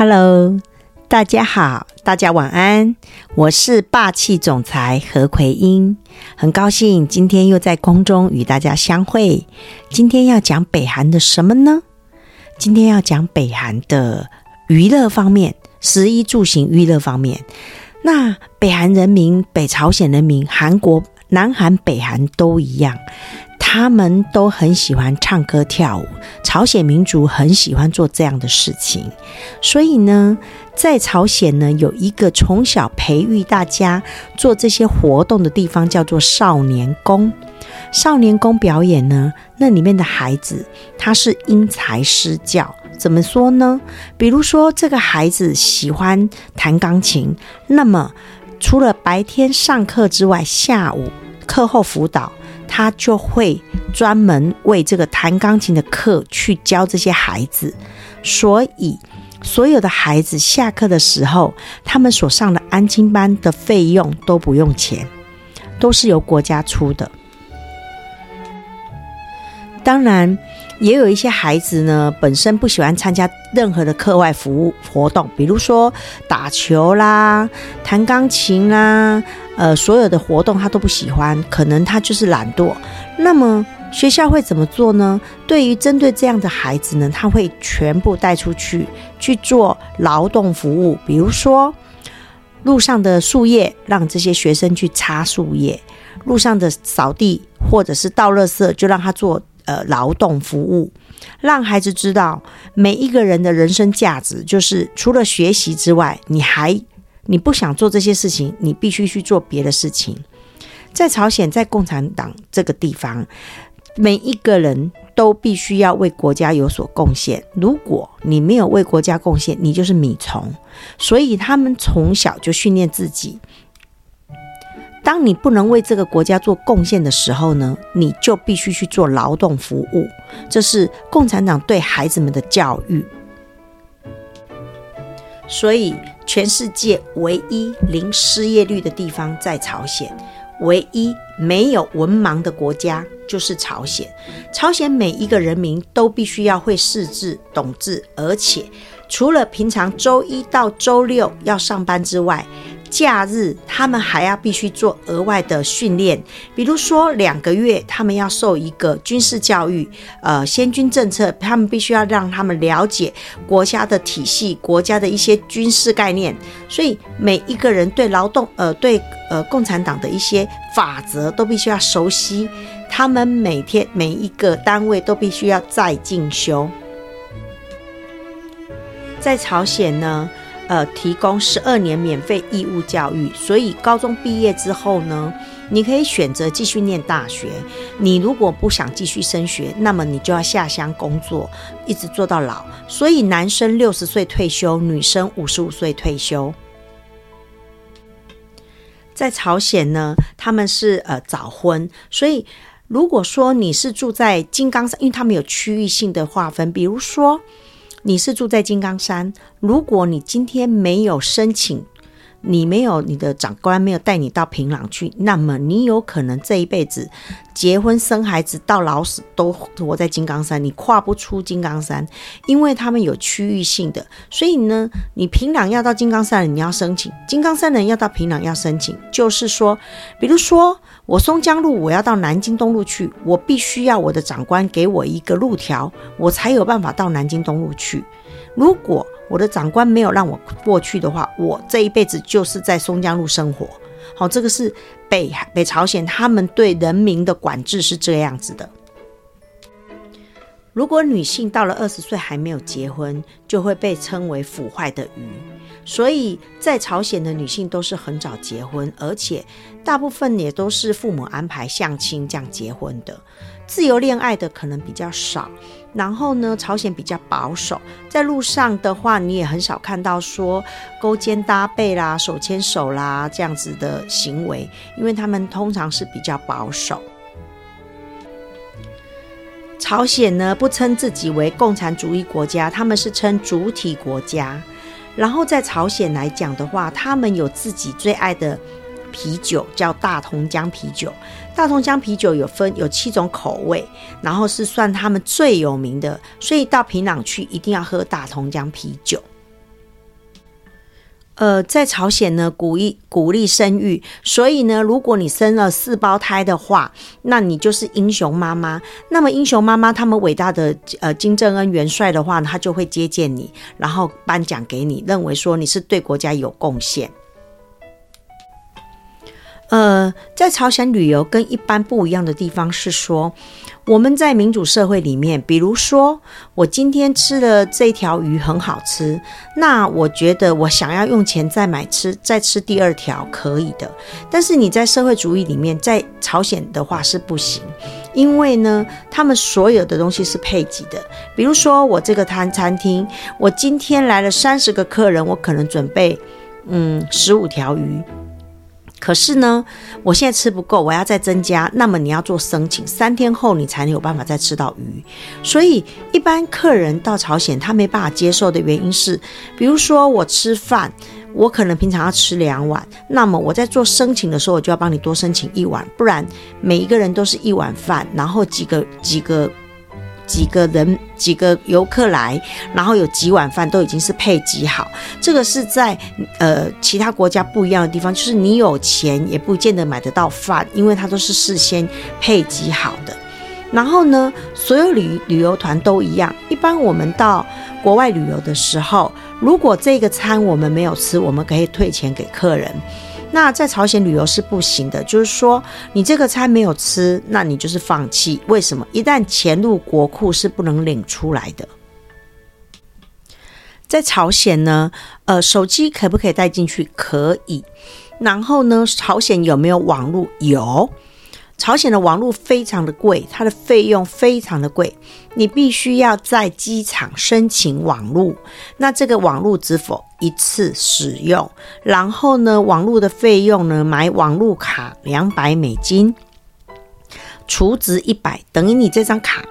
Hello，大家好，大家晚安。我是霸氣總裁何奎英，很高興今天又在空中與大家相會。今天要講北韓的什麼呢？今天要講北韓的娛樂方面，食衣住行娛樂方面。那北韓人民、北朝鮮人民、韓國、南韓、北韓都一樣。他們都很喜歡唱歌跳舞，朝鮮民族很喜歡做這樣的事情。所以呢，在朝鮮呢，有一個從小培育大家做這些活動的地方，叫做少年宮。少年宮表演呢，那裡面的孩子他是因材施教。怎麼說呢？比如說，這個孩子喜歡彈鋼琴，那麼除了白天上課之外，下午課後輔導。他就會專門為這個彈鋼琴的課去教這些孩子，所以所有的孩子下課的時候，他們所上的安親班的費用都不用錢，都是由國家出的。當然。也有一些孩子呢，本身不喜歡參加任何的課外服務活動，比如說打球啦、彈鋼琴啦，呃，所有的活動他都不喜歡，可能他就是懶惰。那麼學校會怎麼做呢？對於針對這樣的孩子呢，他會全部帶出去去做勞動服務，比如說路上的樹葉，讓這些學生去擦樹葉；路上的掃地或者是倒垃圾，就讓他做。呃，勞動服務，讓孩子知道每一個人的人生價值就是除了學習之外，你還你不想做這些事情，你必須去做別的事情。在朝鮮，在共產黨這個地方，每一個人都必須要為國家有所貢獻。如果你沒有為國家貢獻，你就是米蟲。所以他們從小就訓練自己。當你不能為這個國家做貢獻的時候呢，你就必須去做勞動服務。這是共產黨對孩子們的教育。所以，全世界唯一零失業率的地方在朝鮮，唯一沒有文盲的國家就是朝鮮。朝鮮每一個人民都必須要會識字、懂字，而且除了平常周一到周六要上班之外，假日，他們還要必須做額外的訓練，比如說兩個月，他們要受一個軍事教育，呃，先軍政策，他們必須要讓他們了解國家的體系，國家的一些軍事概念，所以每一個人對勞動，呃，對呃共產黨的一些法則都必須要熟悉，他們每天每一個單位都必須要再進修，在朝鮮呢。呃，提供十二年免費義務教育，所以高中畢業之後呢，你可以選擇繼續念大學。你如果不想繼續升學，那麼你就要下鄉工作，一直做到老。所以男生六十歲退休，女生五十五歲退休。在朝鮮呢，他們是呃早婚，所以如果說你是住在金剛山，因為他們有區域性的劃分，比如說。你是住在金剛山，如果你今天沒有申請，你沒有你的長官沒有帶你到平壤去，那麼你有可能這一輩子結婚生孩子到老死都活在金剛山，你跨不出金剛山，因為他們有區域性的，所以呢，你平壤要到金剛山，你要申請；金剛山的人要到平壤要申請，就是說，比如說。我松江路，我要到南京東路去，我必須要我的長官給我一個路條，我才有辦法到南京東路去。如果我的長官沒有讓我過去的話，我這一輩子就是在松江路生活。好、哦，這個是北北朝鮮他們對人民的管制是這樣子的。如果女性到了二十歲還沒有結婚，就會被稱為腐壞的魚。所以在朝鮮的女性都是很早結婚，而且大部分也都是父母安排相親這樣結婚的，自由戀愛的可能比較少。然後呢，朝鮮比較保守，在路上的話，你也很少看到說勾肩搭背啦、手牽手啦這樣子的行為，因為他們通常是比較保守。朝鮮呢，不稱自己為共產主義國家，他們是稱主體國家。然後在朝鮮來講的話，他們有自己最愛的啤酒，叫大同江啤酒。大同江啤酒有分有七種口味，然後是算他們最有名的，所以到平壤去一定要喝大同江啤酒。呃，在朝鮮呢，鼓勵鼓勵生育，所以呢，如果你生了四胞胎的話，那你就是英雄媽媽。那麼英雄媽媽，他們偉大的呃金正恩元帥的話，他就會接見你，然後頒獎給你，認為說你是對國家有貢獻。呃，在朝鮮旅遊跟一般不一樣的地方是說，我們在民主社會裡面，比如說我今天吃了這條魚很好吃，那我覺得我想要用錢再買吃，再吃第二條可以的。但是你在社會主義裡面，在朝鮮的話是不行，因為呢，他們所有的東西是配給的。比如說我這個餐餐廳，我今天來了三十個客人，我可能準備嗯，十五條魚。可是呢，我現在吃不夠，我要再增加，那麼你要做申請，三天後你才能有辦法再吃到魚。所以一般客人到朝鮮，他沒辦法接受的原因是，比如說我吃飯，我可能平常要吃兩碗，那麼我在做申請的時候，我就要幫你多申請一碗，不然每一個人都是一碗飯，然後幾個幾個。幾個人幾個遊客來，然後有幾碗飯都已經是配給好。這個是在呃其他國家不一樣的地方，就是你有錢也不見得買得到飯，因為它都是事先配給好的。然後呢，所有旅旅遊團都一樣。一般我們到國外旅遊的時候，如果這個餐我們沒有吃，我們可以退錢給客人。那在朝鮮旅游是不行的，就是說你這個餐沒有吃，那你就是放棄。為什麼？一旦錢入國庫是不能領出來的。在朝鮮呢，呃，手機可不可以帶進去？可以。然後呢，朝鮮有沒有網絡？有。朝鮮的網絡非常的貴，它的費用非常的貴，你必須要在機場申請網絡。那這個網絡是否一次使用？然後呢，網絡的費用呢？買網絡卡兩百美金，儲值一百，等於你這張卡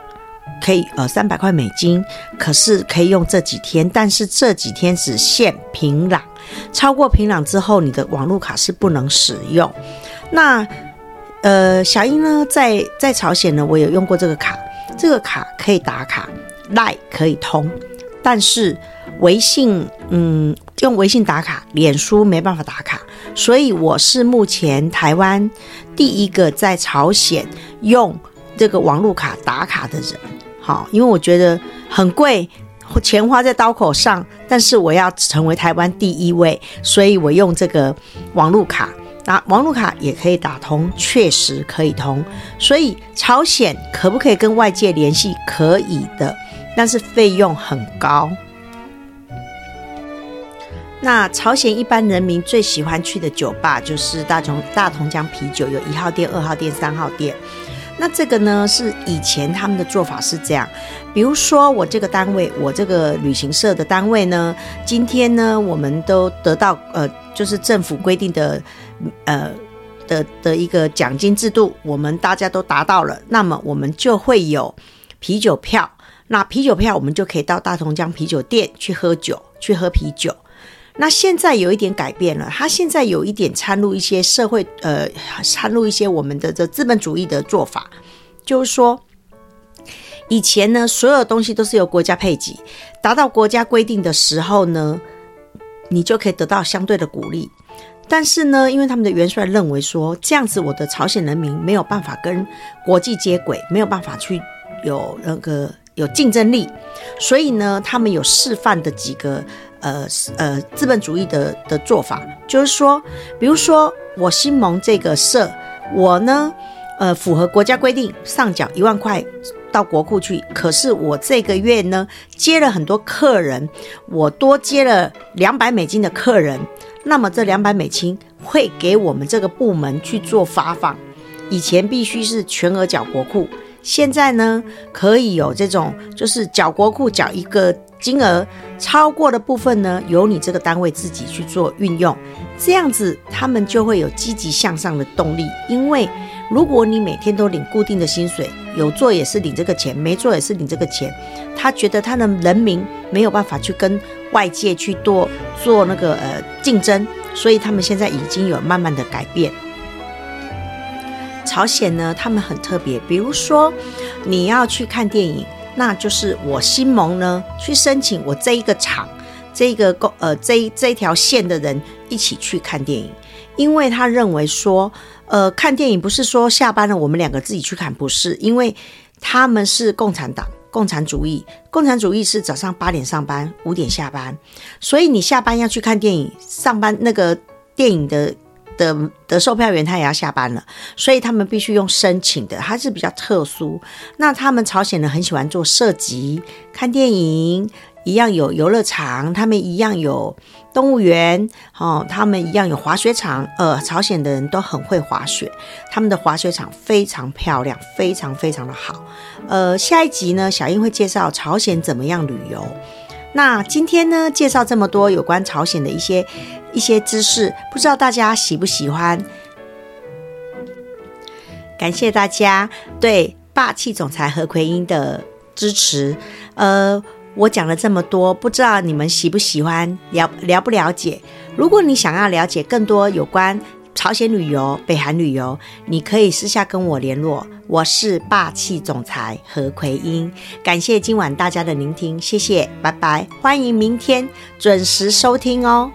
可以呃三百塊美金，可是可以用這幾天，但是這幾天只限平壤，超過平壤之後，你的網絡卡是不能使用。那呃，小英呢，在在朝鮮呢，我有用過這個卡，這個卡可以打卡，Line 可以通，但是微信，嗯，用微信打卡，臉書沒辦法打卡，所以我是目前台灣第一個在朝鮮用這個網路卡打卡的人，好，因為我覺得很貴，錢花在刀口上，但是我要成為台灣第一位，所以我用這個網路卡。那網絡卡也可以打通，確實可以通，所以朝鮮可不可以跟外界聯繫？可以的，但是費用很高。那朝鮮一般人民最喜歡去的酒吧就是大同大同江啤酒，有一號店、二號店、三號店。那這個呢，是以前他們的做法是這樣，比如說我這個單位，我這個旅行社的單位呢，今天呢我們都得到呃，就是政府規定的。呃的的一個獎金制度，我們大家都達到了，那麼我們就會有啤酒票。那啤酒票，我們就可以到大同江啤酒店去喝酒，去喝啤酒。那現在有一點改變了，它現在有一點摻入一些社會，呃，摻入一些我們的這資本主義的做法，就是說，以前呢，所有的東西都是由國家配給，達到國家規定的時候呢，你就可以得到相對的鼓勵。但是呢，因為他們的元帥認為說，這樣子我的朝鮮人民沒有辦法跟國際接軌，沒有辦法去有那個有競爭力，所以呢，他們有示範的幾個呃呃資本主義的的做法，就是說，比如說我新盟這個社，我呢呃符合國家規定上繳一萬塊到國庫去，可是我這個月呢接了很多客人，我多接了兩百美金的客人。那麼這兩百美金會給我們這個部門去做發放，以前必須是全額繳國庫，現在呢可以有這種，就是繳國庫繳一個金額，超過的部分呢由你這個單位自己去做運用，這樣子他們就會有積極向上的動力，因為如果你每天都領固定的薪水，有做也是領這個錢，沒做也是領這個錢，他覺得他的人民沒有辦法去跟。外界去做做那個呃競爭，所以他們現在已經有慢慢的改變。朝鮮呢，他們很特別，比如說你要去看電影，那就是我新盟呢去申請，我這一個廠、這一個工呃這這條線的人一起去看電影，因為他認為說，呃看電影不是說下班了我們兩個自己去看，不是，因為他們是共產黨。共產主義，共產主義是早上八點上班，五點下班，所以你下班要去看電影，上班那個電影的的的售票員他也要下班了，所以他們必須用申請的，他是比較特殊。那他們朝鮮人很喜歡做涉及看電影，一樣有遊樂場，他們一樣有。動物園哦，他們一樣有滑雪場。呃，朝鮮的人都很會滑雪，他們的滑雪場非常漂亮，非常非常的好。呃，下一集呢，小英會介紹朝鮮怎麼樣旅遊。那今天呢，介紹這麼多有關朝鮮的一些一些知識，不知道大家喜不喜歡？感謝大家對霸氣總裁何奎英的支持。呃。我講了這麼多，不知道你們喜不喜歡，了了不了解。如果你想要了解更多有關朝鮮旅遊、北韓旅遊，你可以私下跟我聯絡。我是霸氣總裁何奎英，感謝今晚大家的聆聽，謝謝，拜拜，歡迎明天準時收聽哦。